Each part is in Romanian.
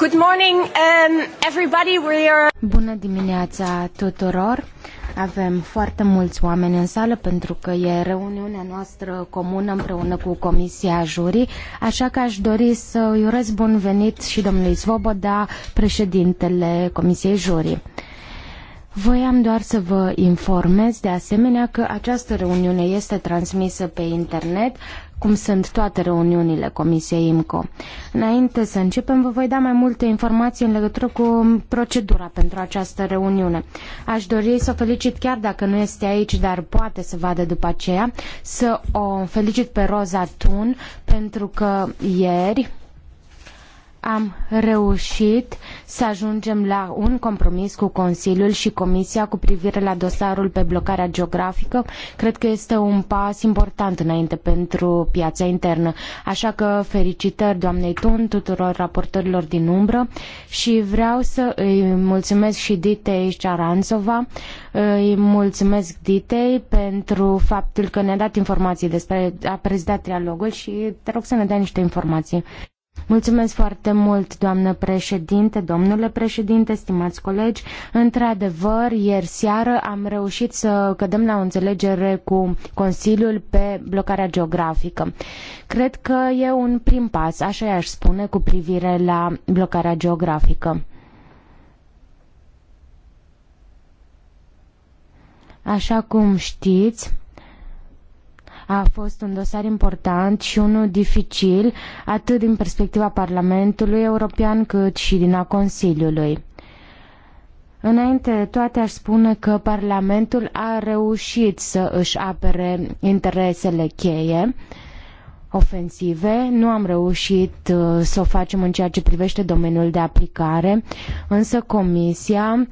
Good morning, um, everybody. We are... Bună dimineața tuturor! Avem foarte mulți oameni în sală pentru că e reuniunea noastră comună împreună cu Comisia Jurii, așa că aș dori să îi urez bun venit și domnului Svoboda, președintele Comisiei Jurii. Voiam doar să vă informez de asemenea că această reuniune este transmisă pe internet, cum sunt toate reuniunile Comisiei IMCO. Înainte să începem, vă voi da mai multe informații în legătură cu procedura pentru această reuniune. Aș dori să o felicit chiar dacă nu este aici, dar poate să vadă după aceea, să o felicit pe Roza Tun, pentru că ieri, am reușit să ajungem la un compromis cu Consiliul și Comisia cu privire la dosarul pe blocarea geografică. Cred că este un pas important înainte pentru piața internă. Așa că felicitări doamnei Tun, tuturor raportorilor din umbră și vreau să îi mulțumesc și Ditei Șaranțova, îi mulțumesc Ditei pentru faptul că ne-a dat informații despre a prezidat trialogul și te rog să ne dea niște informații. Mulțumesc foarte mult, doamnă președinte, domnule președinte, stimați colegi. Într-adevăr, ieri seară am reușit să cădem la o înțelegere cu Consiliul pe blocarea geografică. Cred că e un prim pas, așa i-aș spune, cu privire la blocarea geografică. Așa cum știți, a fost un dosar important și unul dificil, atât din perspectiva Parlamentului European cât și din a Consiliului. Înainte de toate aș spune că Parlamentul a reușit să își apere interesele cheie ofensive. Nu am reușit uh, să o facem în ceea ce privește domeniul de aplicare, însă Comisia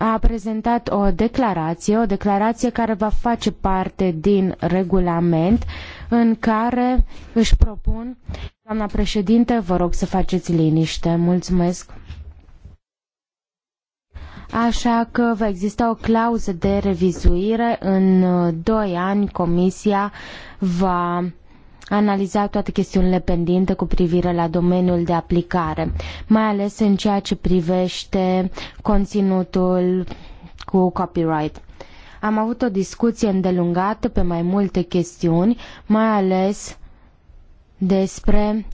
a prezentat o declarație, o declarație care va face parte din regulament în care își propun, doamna președinte, vă rog să faceți liniște, mulțumesc. Așa că va exista o clauză de revizuire, în uh, doi ani Comisia va analiza toate chestiunile pendente cu privire la domeniul de aplicare, mai ales în ceea ce privește conținutul cu copyright. Am avut o discuție îndelungată pe mai multe chestiuni, mai ales despre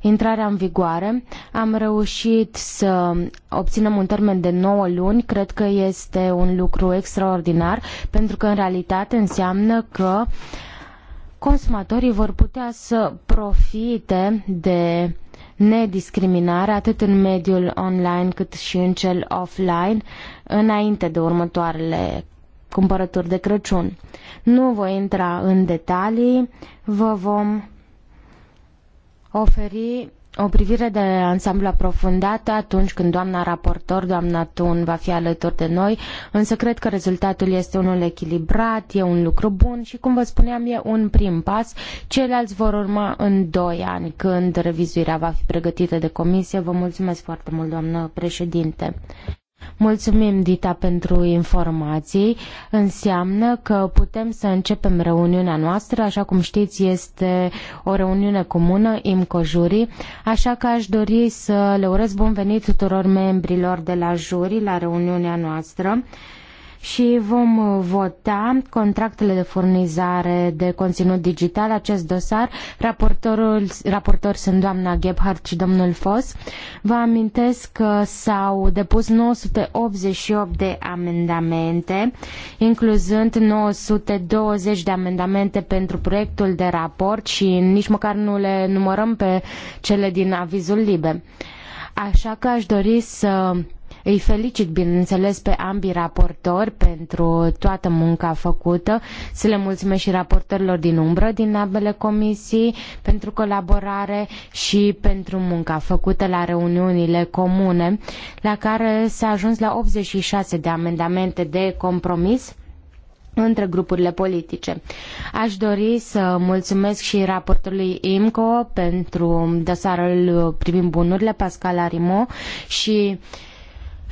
intrarea în vigoare. Am reușit să obținem un termen de 9 luni. Cred că este un lucru extraordinar, pentru că în realitate înseamnă că uh, consumatorii vor putea să profite de nediscriminare atât în mediul online cât și în cel offline înainte de următoarele cumpărături de Crăciun. Nu voi intra în detalii, vă vom oferi o privire de ansamblu aprofundată atunci când doamna raportor, doamna Tun, va fi alături de noi, însă cred că rezultatul este unul echilibrat, e un lucru bun și, cum vă spuneam, e un prim pas. Ceilalți vor urma în doi ani, când revizuirea va fi pregătită de comisie. Vă mulțumesc foarte mult, doamnă președinte. Mulțumim, Dita, pentru informații. Înseamnă că putem să începem reuniunea noastră. Așa cum știți, este o reuniune comună, IMCO Juri, așa că aș dori să le urez bun venit tuturor membrilor de la juri la reuniunea noastră și vom uh, vota contractele de furnizare de conținut digital, acest dosar. Raportorul, raportor sunt doamna Gebhardt și domnul Fos. Vă amintesc că s-au depus 988 de amendamente, incluzând 920 de amendamente pentru proiectul de raport și nici măcar nu le numărăm pe cele din avizul liber. Așa că aș dori să îi felicit, bineînțeles, pe ambii raportori pentru toată munca făcută, să le mulțumesc și raportorilor din umbră din ambele comisii pentru colaborare și pentru munca făcută la reuniunile comune, la care s-a ajuns la 86 de amendamente de compromis între grupurile politice. Aș dori să mulțumesc și raportului IMCO pentru dosarul privind bunurile, Pascal Arimo și uh,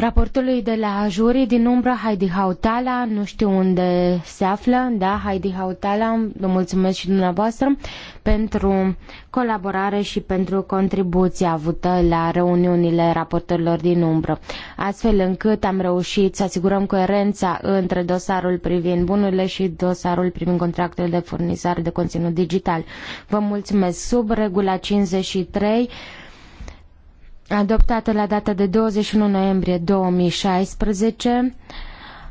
raportului de la jurii din umbră Heidi Hautala, nu știu unde se află, da, Heidi Hautala, vă mulțumesc și dumneavoastră pentru colaborare și pentru contribuția avută la reuniunile raportorilor din umbră, astfel încât am reușit să asigurăm coerența între dosarul privind bunurile și dosarul privind contractele de furnizare de conținut digital. Vă mulțumesc. Sub regula 53 adoptată la data de 21 noiembrie 2016.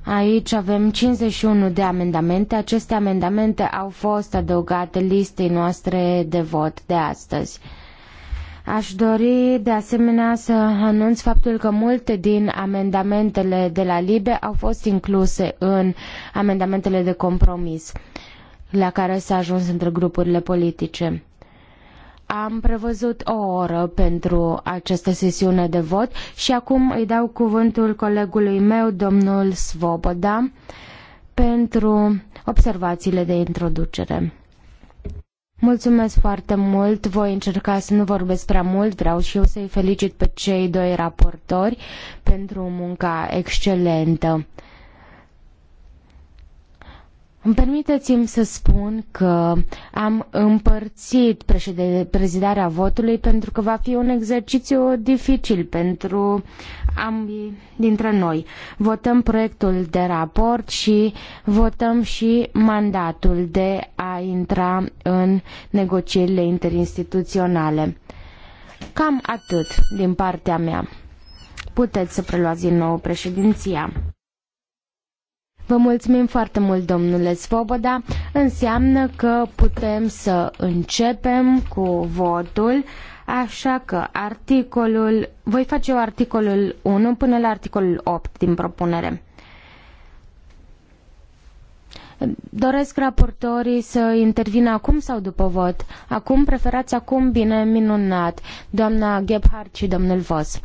Aici avem 51 de amendamente. Aceste amendamente au fost adăugate listei noastre de vot de astăzi. Aș dori de asemenea să anunț faptul că multe din amendamentele de la LIBE au fost incluse în amendamentele de compromis la care s-a ajuns între grupurile politice. Am prevăzut o oră pentru această sesiune de vot și acum îi dau cuvântul colegului meu, domnul Svoboda, pentru observațiile de introducere. Mulțumesc foarte mult, voi încerca să nu vorbesc prea mult, vreau și eu să-i felicit pe cei doi raportori pentru munca excelentă. Îmi permiteți-mi să spun că am împărțit prezidarea votului pentru că va fi un exercițiu dificil pentru ambii dintre noi. Votăm proiectul de raport și votăm și mandatul de a intra în negocierile interinstituționale. Cam atât din partea mea. Puteți să preluați din nou președinția. Vă mulțumim foarte mult, domnule Svoboda. Înseamnă că putem să începem cu votul, așa că articolul, voi face eu articolul 1 până la articolul 8 din propunere. Doresc raportorii să intervină acum sau după vot? Acum preferați acum bine minunat, doamna Gebhardt și domnul Vos.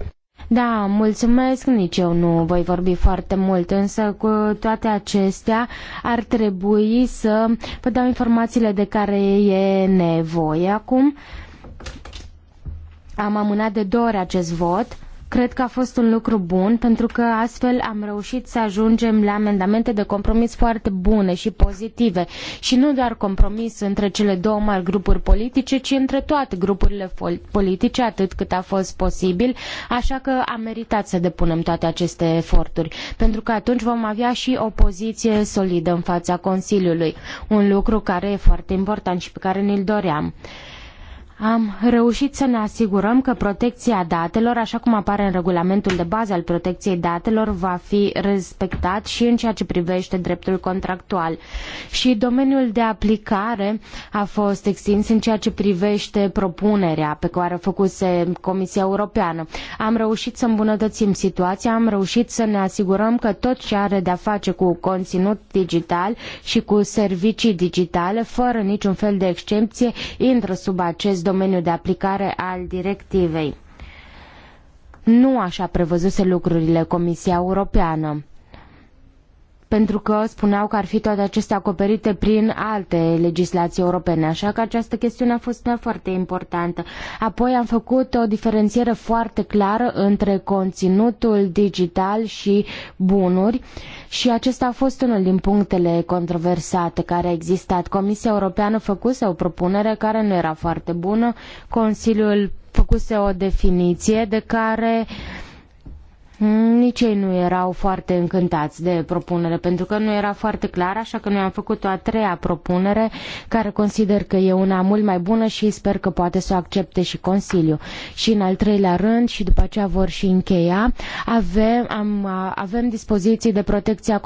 Da, mulțumesc, nici eu nu voi vorbi foarte mult, însă cu toate acestea ar trebui să vă dau informațiile de care e nevoie acum. Am amânat de două ori acest vot Cred că a fost un lucru bun, pentru că astfel am reușit să ajungem la amendamente de compromis foarte bune și pozitive. Și nu doar compromis între cele două mari grupuri politice, ci între toate grupurile politice, atât cât a fost posibil. Așa că a meritat să depunem toate aceste eforturi, pentru că atunci vom avea și o poziție solidă în fața Consiliului. Un lucru care e foarte important și pe care ne-l doream. Am reușit să ne asigurăm că protecția datelor, așa cum apare în regulamentul de bază al protecției datelor, va fi respectat și în ceea ce privește dreptul contractual. Și domeniul de aplicare a fost extins în ceea ce privește propunerea pe care a făcuse Comisia Europeană. Am reușit să îmbunătățim situația, am reușit să ne asigurăm că tot ce are de-a face cu conținut digital și cu servicii digitale, fără niciun fel de excepție, intră sub acest domeniu de aplicare al directivei. Nu așa prevăzuse lucrurile Comisia Europeană pentru că spuneau că ar fi toate acestea acoperite prin alte legislații europene, așa că această chestiune a fost una foarte importantă. Apoi am făcut o diferențiere foarte clară între conținutul digital și bunuri și acesta a fost unul din punctele controversate care a existat. Comisia Europeană făcuse o propunere care nu era foarte bună, Consiliul făcuse o definiție de care uh, nici ei nu erau foarte încântați de propunere, pentru că nu era foarte clar, așa că noi am făcut o a treia propunere, care consider că e una mult mai bună și sper că poate să o accepte și Consiliu. Și în al treilea rând, și după aceea vor și încheia, avem, am, avem dispoziții de protecție a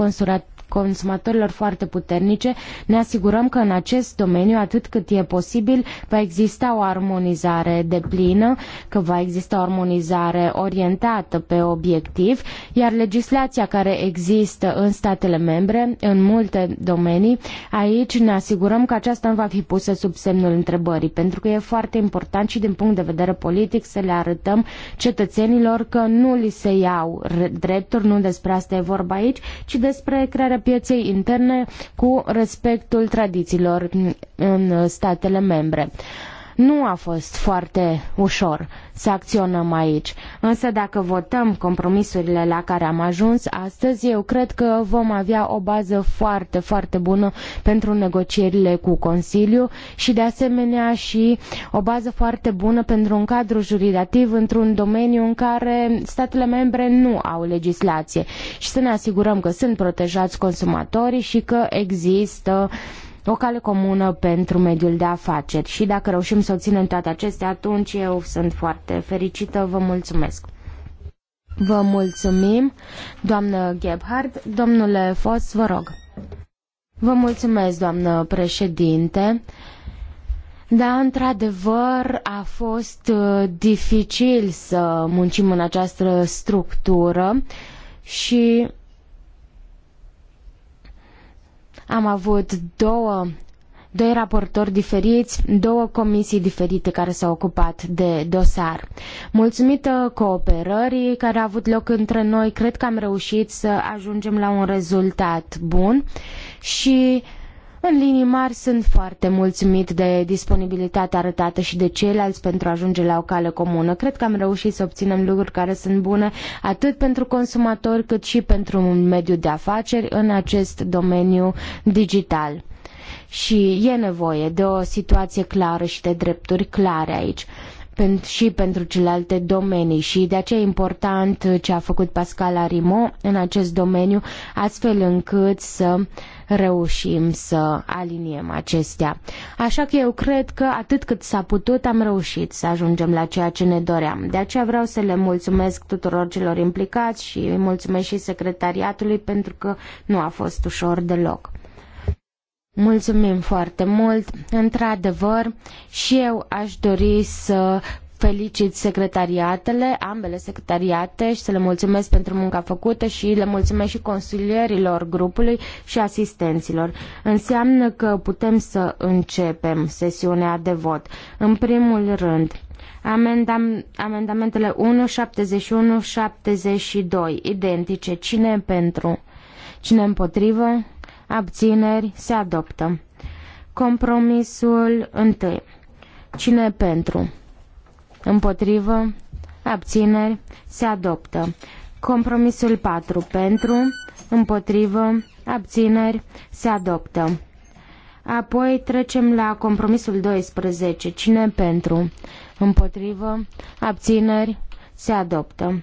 consumatorilor foarte puternice, ne asigurăm că în acest domeniu, atât cât e posibil, va exista o armonizare deplină, că va exista o armonizare orientată pe obiectiv, iar legislația care există în statele membre, în multe domenii, aici ne asigurăm că aceasta nu va fi pusă sub semnul întrebării, pentru că e foarte important și din punct de vedere politic să le arătăm cetățenilor că nu li se iau drepturi, nu despre asta e vorba aici, ci despre crearea pieței interne cu respectul tradițiilor în statele membre. Nu a fost foarte ușor să acționăm aici, însă dacă votăm compromisurile la care am ajuns astăzi, eu cred că vom avea o bază foarte, foarte bună pentru negocierile cu Consiliu și de asemenea și o bază foarte bună pentru un cadru juridativ într-un domeniu în care statele membre nu au legislație și să ne asigurăm că sunt protejați consumatorii și că există uh, o cale comună pentru mediul de afaceri și dacă reușim să obținem toate acestea, atunci eu sunt foarte fericită, vă mulțumesc. Vă mulțumim, doamnă Gebhard, domnule Fos, vă rog. Vă mulțumesc, doamnă președinte. Da, într-adevăr, a fost uh, dificil să muncim în această structură și am avut două doi raportori diferiți, două comisii diferite care s-au ocupat de dosar. Mulțumită cooperării care a avut loc între noi, cred că am reușit să ajungem la un rezultat bun și în linii mari sunt foarte mulțumit de disponibilitatea arătată și de ceilalți pentru a ajunge la o cale comună. Cred că am reușit să obținem lucruri care sunt bune atât pentru consumatori cât și pentru un mediu de afaceri în acest domeniu digital. Și e nevoie de o situație clară și de drepturi clare aici și pentru celelalte domenii și de aceea e important ce a făcut Pascal Arimo în acest domeniu, astfel încât să reușim să aliniem acestea. Așa că eu cred că atât cât s-a putut am reușit să ajungem la ceea ce ne doream. De aceea vreau să le mulțumesc tuturor celor implicați și îi mulțumesc și secretariatului pentru că nu a fost ușor deloc. Mulțumim foarte mult. Într-adevăr, și eu aș dori să felicit secretariatele, ambele secretariate și să le mulțumesc pentru munca făcută și le mulțumesc și consilierilor grupului și asistenților. Înseamnă că putem să începem sesiunea de vot. În primul rând, amendam, amendamentele 1, 71, 72, identice. Cine pentru? Cine împotrivă? Abțineri se adoptă. Compromisul 1. Cine pentru? Împotrivă? Abțineri se adoptă. Compromisul 4. Pentru? Împotrivă? Abțineri se adoptă. Apoi trecem la compromisul 12. Cine pentru? Împotrivă? Abțineri? Se adoptă.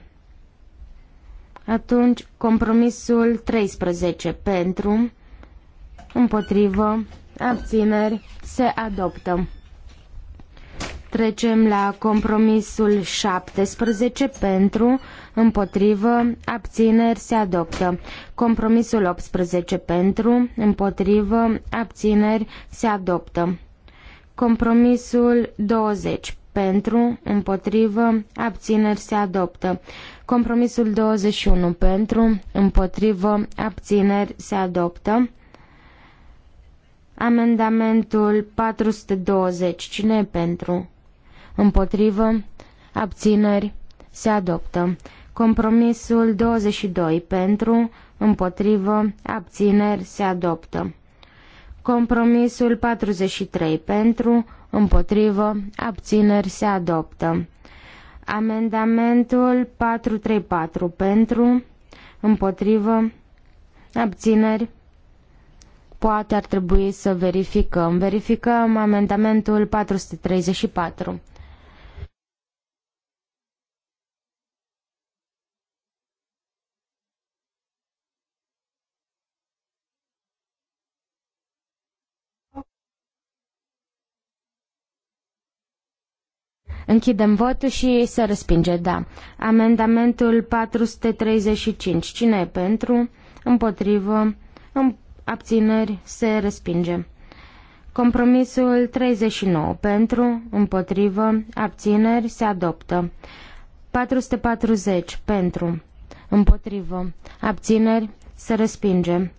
Atunci, compromisul 13. Pentru? împotrivă, abțineri, se adoptă. Trecem la compromisul 17 pentru, împotrivă, abțineri se adoptă. Compromisul 18 pentru, împotrivă, abțineri se adoptă. Compromisul 20 pentru, împotrivă, abțineri se adoptă. Compromisul 21 pentru, împotrivă, abțineri se adoptă. Amendamentul 420. Cine e pentru? Împotrivă? Abțineri? Se adoptă. Compromisul 22. Pentru? Împotrivă? Abțineri? Se adoptă. Compromisul 43. Pentru? Împotrivă? Abțineri? Se adoptă. Amendamentul 434. Pentru? Împotrivă? Abțineri? Poate ar trebui să verificăm. Verificăm amendamentul 434. Închidem votul și se respinge, da. Amendamentul 435. Cine e pentru? Împotrivă? Împotrivă? abțineri, se respinge. Compromisul 39 pentru, împotrivă, abțineri, se adoptă. 440 pentru, împotrivă, abțineri, se respinge.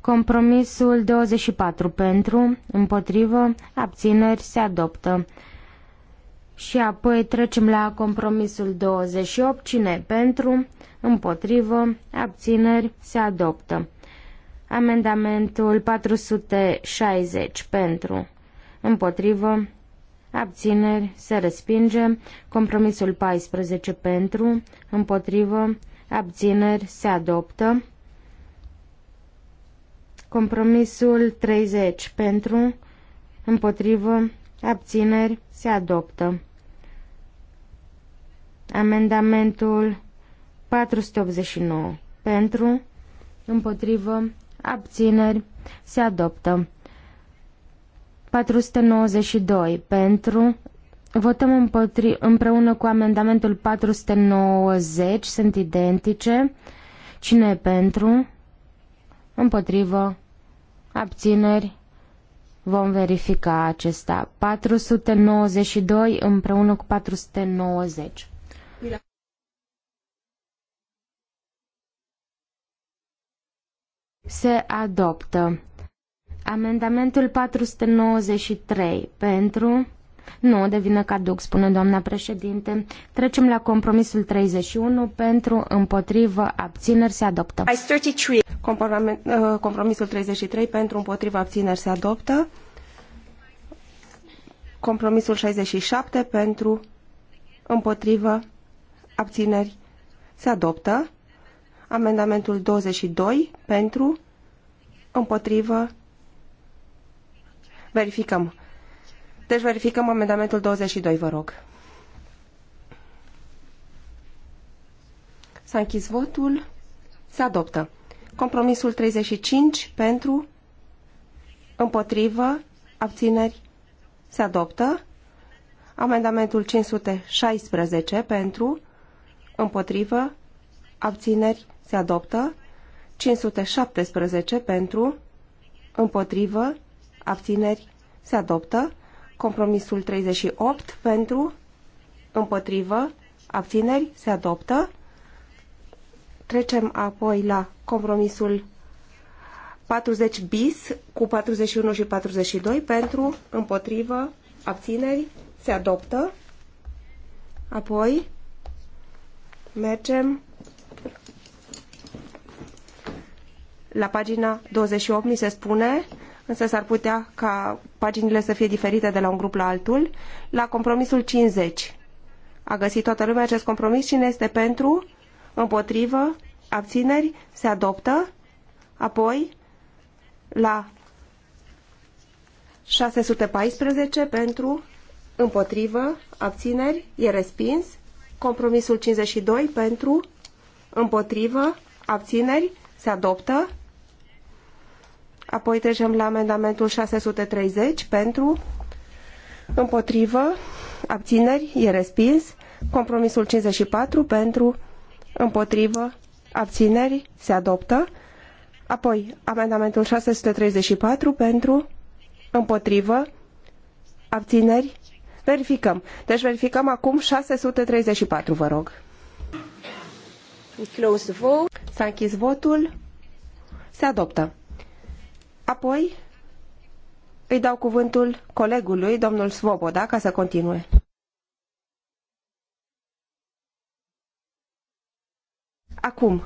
Compromisul 24 pentru, împotrivă, abțineri, se adoptă. Și apoi trecem la compromisul 28, cine pentru, împotrivă, abțineri, se adoptă. Amendamentul 460 pentru, împotrivă, abțineri, se respinge. Compromisul 14 pentru, împotrivă, abțineri, se adoptă. Compromisul 30 pentru, împotrivă, abțineri, se adoptă. Amendamentul 489 pentru, împotrivă, abțineri, se adoptă. 492 pentru, votăm împotri, împreună cu amendamentul 490, sunt identice. Cine e pentru? Împotrivă, abțineri, vom verifica acesta. 492 împreună cu 490. Se adoptă. Amendamentul 493 pentru... Nu, devine caduc, spune doamna președinte. Trecem la compromisul 31 uh, pentru împotrivă abțineri se adoptă. Compromisul 33 pentru împotrivă abțineri se adoptă. Compromisul 67 pentru împotrivă abțineri se adoptă. Amendamentul 22 pentru, împotrivă, verificăm. Deci verificăm amendamentul 22, vă rog. S-a închis votul. Se adoptă. Compromisul 35 pentru, împotrivă, abțineri, se adoptă. Amendamentul 516 pentru, împotrivă, abțineri, se adoptă. 517 pentru, împotrivă, abțineri, se adoptă. Compromisul 38 pentru, împotrivă, abțineri, se adoptă. Trecem apoi la compromisul 40 bis cu 41 și 42 pentru, împotrivă, abțineri, se adoptă. Apoi mergem la pagina 28 ni se spune, însă s-ar putea ca paginile să fie diferite de la un grup la altul, la compromisul 50. A găsit toată lumea acest compromis. Cine este pentru? Împotrivă? Abțineri? Se adoptă? Apoi, la 614 pentru, împotrivă, abțineri, e respins. Compromisul 52 pentru, împotrivă, abțineri, se adoptă. Apoi trecem la amendamentul 630 pentru, împotrivă, abțineri, e respins. Compromisul 54 pentru, împotrivă, abțineri, se adoptă. Apoi amendamentul 634 pentru, împotrivă, abțineri, verificăm. Deci verificăm acum 634, vă rog. S-a închis votul. Se adoptă. Apoi îi dau cuvântul colegului, domnul Svoboda, ca să continue. Acum,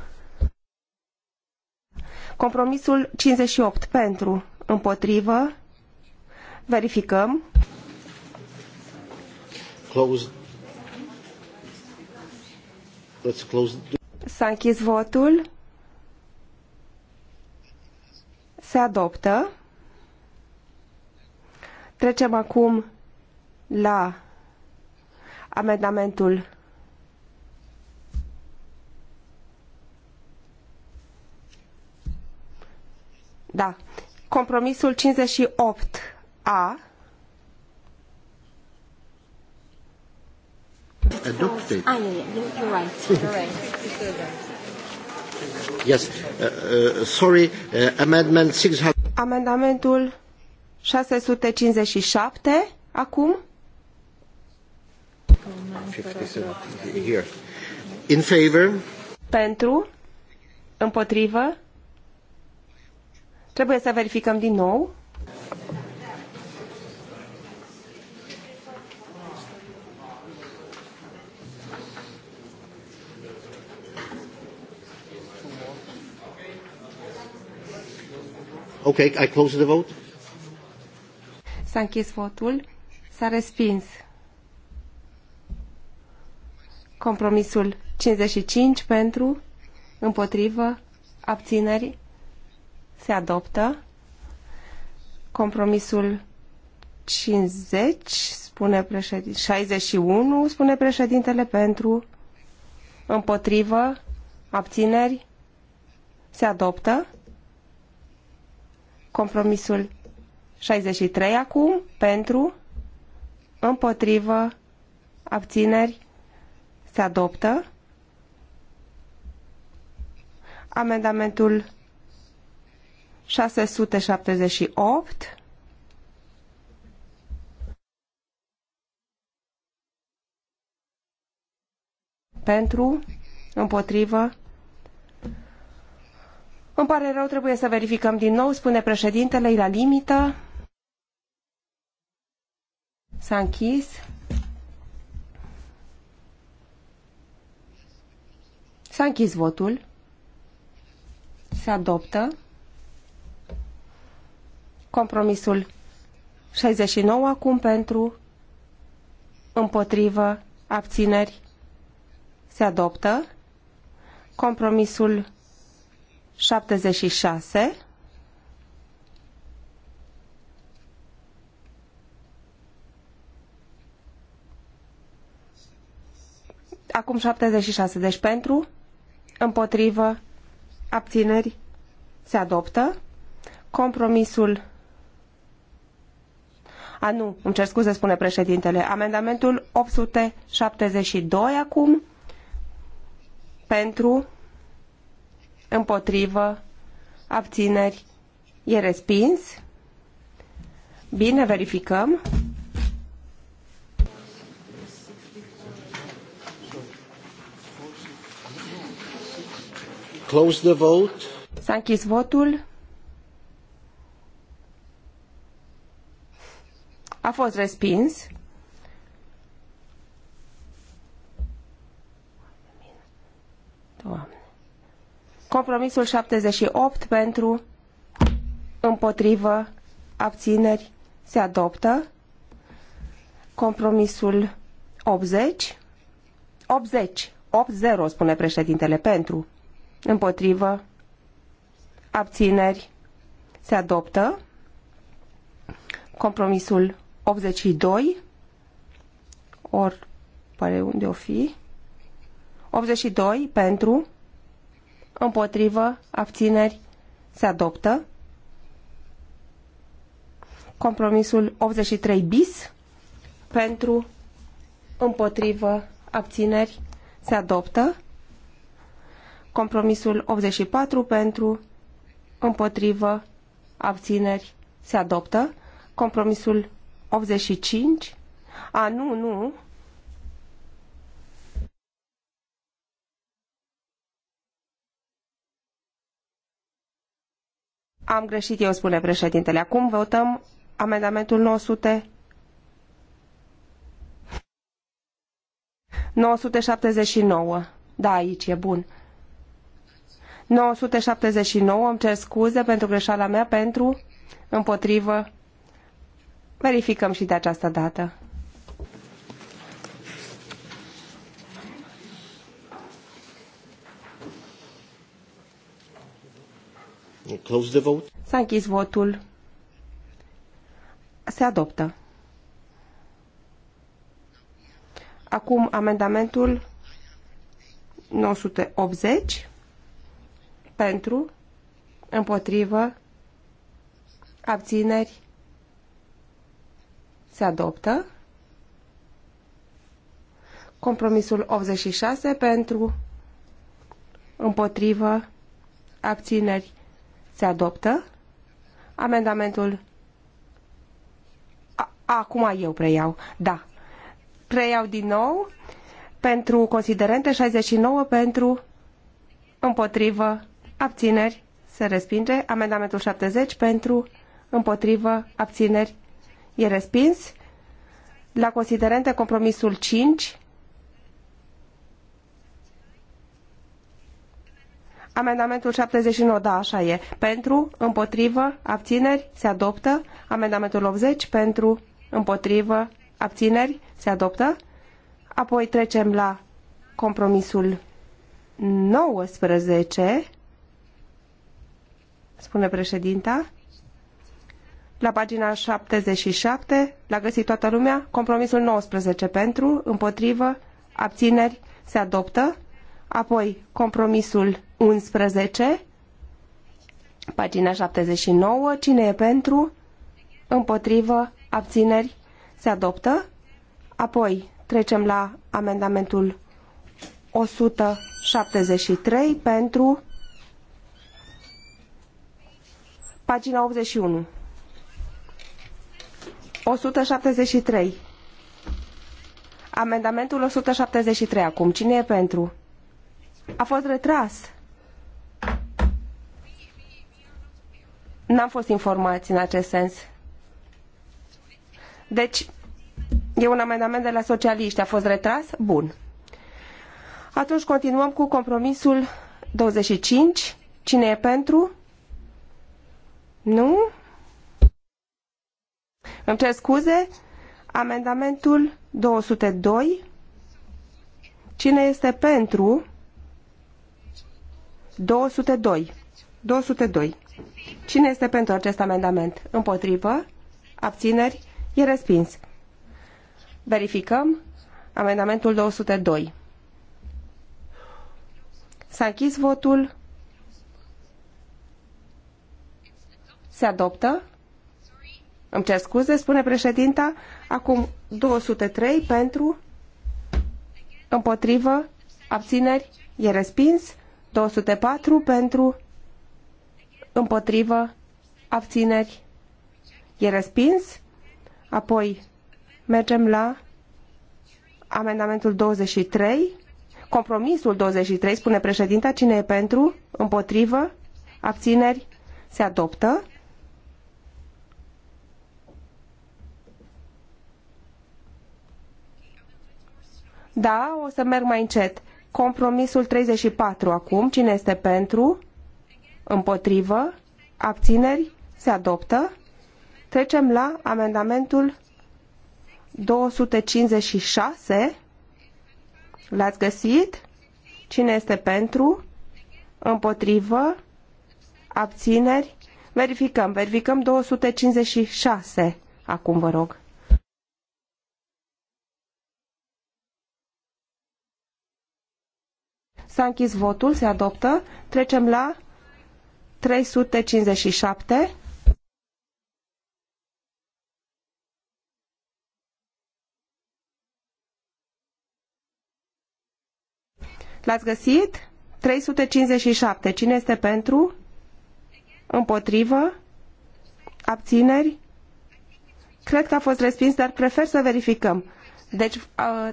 compromisul 58 pentru, împotrivă, verificăm. Close. Let's close. S-a închis votul. Se adoptă. Trecem acum la amendamentul Da. Compromisul 58A Adopted. Ah, yeah, yeah. You're right. You're right. Yes, uh, uh sorry, uh, amendment 600... Amendamentul 657, acum? Here. In favor? Pentru? Împotrivă? Trebuie să verificăm din nou. Ok, I close the vote. S-a închis votul. S-a respins. Compromisul 55 pentru, împotrivă, abțineri, se adoptă. Compromisul 50, spune președinte, 61, spune președintele, pentru, împotrivă, abțineri, se adoptă. Compromisul 63 acum, pentru, împotrivă, abțineri, se adoptă. Amendamentul 678 pentru, împotrivă, îmi pare rău, trebuie să verificăm din nou, spune președintele, la limită. S-a închis. S-a închis votul. Se adoptă. Compromisul 69 acum pentru, împotrivă, abțineri. Se adoptă. Compromisul 76. Acum 76. Deci pentru, împotrivă, abțineri, se adoptă. Compromisul a, nu, îmi cer scuze, spune președintele. Amendamentul 872 acum pentru împotrivă, abțineri, e respins. Bine, verificăm. Close the vote. S-a închis votul. A fost respins. Compromisul 78 pentru, împotrivă, abțineri, se adoptă. Compromisul 80, 80, 80, spune președintele, pentru, împotrivă, abțineri, se adoptă. Compromisul 82, ori, pare unde o fi, 82 pentru, împotrivă, abțineri, se adoptă. Compromisul 83 bis, pentru, împotrivă, abțineri, se adoptă. Compromisul 84 pentru, împotrivă, abțineri, se adoptă. Compromisul 85, a, nu, nu, Am greșit eu, spune președintele. Acum votăm amendamentul 900. 979. Da, aici e bun. 979, îmi cer scuze pentru greșeala mea, pentru, împotrivă. Verificăm și de această dată. Close the vote. S-a închis votul. Se adoptă. Acum amendamentul 980 pentru, împotrivă, abțineri, se adoptă. Compromisul 86 pentru, împotrivă, abțineri, se adoptă. Amendamentul... A, acum eu preiau. Da. Preiau din nou pentru considerente 69 pentru împotrivă abțineri se respinge. Amendamentul 70 pentru împotrivă abțineri e respins. La considerente compromisul 5 Amendamentul 79, da, așa e. Pentru, împotrivă, abțineri, se adoptă. Amendamentul 80, pentru, împotrivă, abțineri, se adoptă. Apoi trecem la compromisul 19, spune președinta. La pagina 77 l-a găsit toată lumea compromisul 19 pentru, împotrivă, abțineri, se adoptă. Apoi compromisul 11, pagina 79. Cine e pentru? Împotrivă? Abțineri? Se adoptă. Apoi trecem la amendamentul 173 pentru pagina 81. 173. Amendamentul 173 acum. Cine e pentru? A fost retras. n-am fost informați în acest sens. Deci, e un amendament de la socialiști. A fost retras? Bun. Atunci continuăm cu compromisul 25. Cine e pentru? Nu? Îmi cer scuze. Amendamentul 202. Cine este pentru? 202. 202. Cine este pentru acest amendament? Împotrivă? Abțineri? E respins. Verificăm amendamentul 202. S-a închis votul. Se adoptă. Îmi cer scuze, spune președinta. Acum 203 pentru, împotrivă, abțineri, e respins. 204 pentru, împotrivă, abțineri, e respins. Apoi mergem la amendamentul 23, compromisul 23, spune președinta, cine e pentru, împotrivă, abțineri, se adoptă. Da, o să merg mai încet. Compromisul 34 acum, cine este pentru, Împotrivă? Abțineri? Se adoptă. Trecem la amendamentul 256. L-ați găsit? Cine este pentru? Împotrivă? Abțineri? Verificăm. Verificăm 256. Acum vă rog. S-a închis votul, se adoptă. Trecem la 357 L-ați găsit? 357. Cine este pentru? Împotrivă? Abțineri? Cred că a fost respins, dar prefer să verificăm. Deci,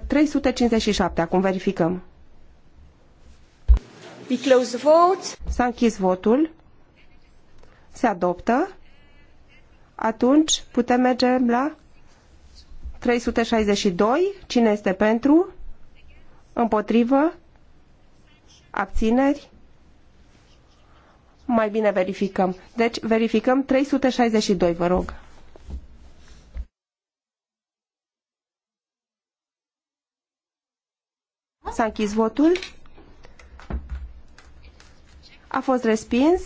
357. Uh, Acum verificăm. We close the vote. S-a închis votul se adoptă, atunci putem merge la 362. Cine este pentru? Împotrivă? Abțineri? Mai bine verificăm. Deci verificăm 362, vă rog. S-a închis votul. A fost respins.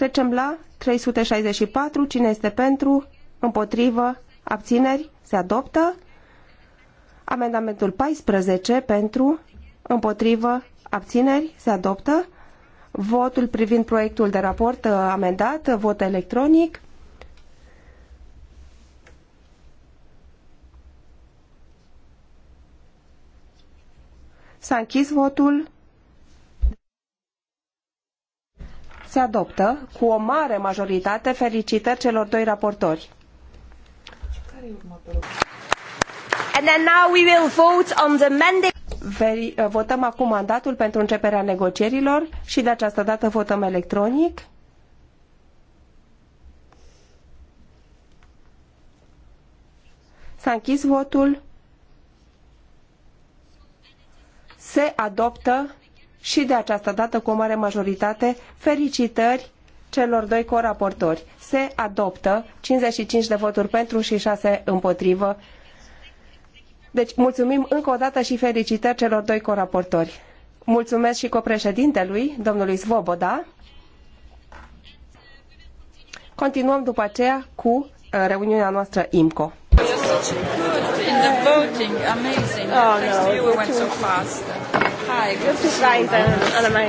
Trecem la 364. Cine este pentru? Împotrivă? Abțineri? Se adoptă. Amendamentul 14 pentru? Împotrivă? Abțineri? Se adoptă. Votul privind proiectul de raport uh, amendat, uh, vot electronic. S-a închis votul. se adoptă cu o mare majoritate. Felicitări celor doi raportori. And then now we will vote on the mandate. Veri, uh, votăm acum mandatul pentru începerea negocierilor și de această dată votăm electronic. S-a închis votul. Se adoptă și de această dată cu o mare majoritate felicitări celor doi coraportori. Se adoptă 55 de voturi pentru și 6 împotrivă. Deci mulțumim încă o dată și felicitări celor doi coraportori. Mulțumesc și copreședintelui, domnului Svoboda. Continuăm după aceea cu uh, reuniunea noastră IMCO. In the voting, amazing. Oh, no. you went so fast. Hi, good to see you,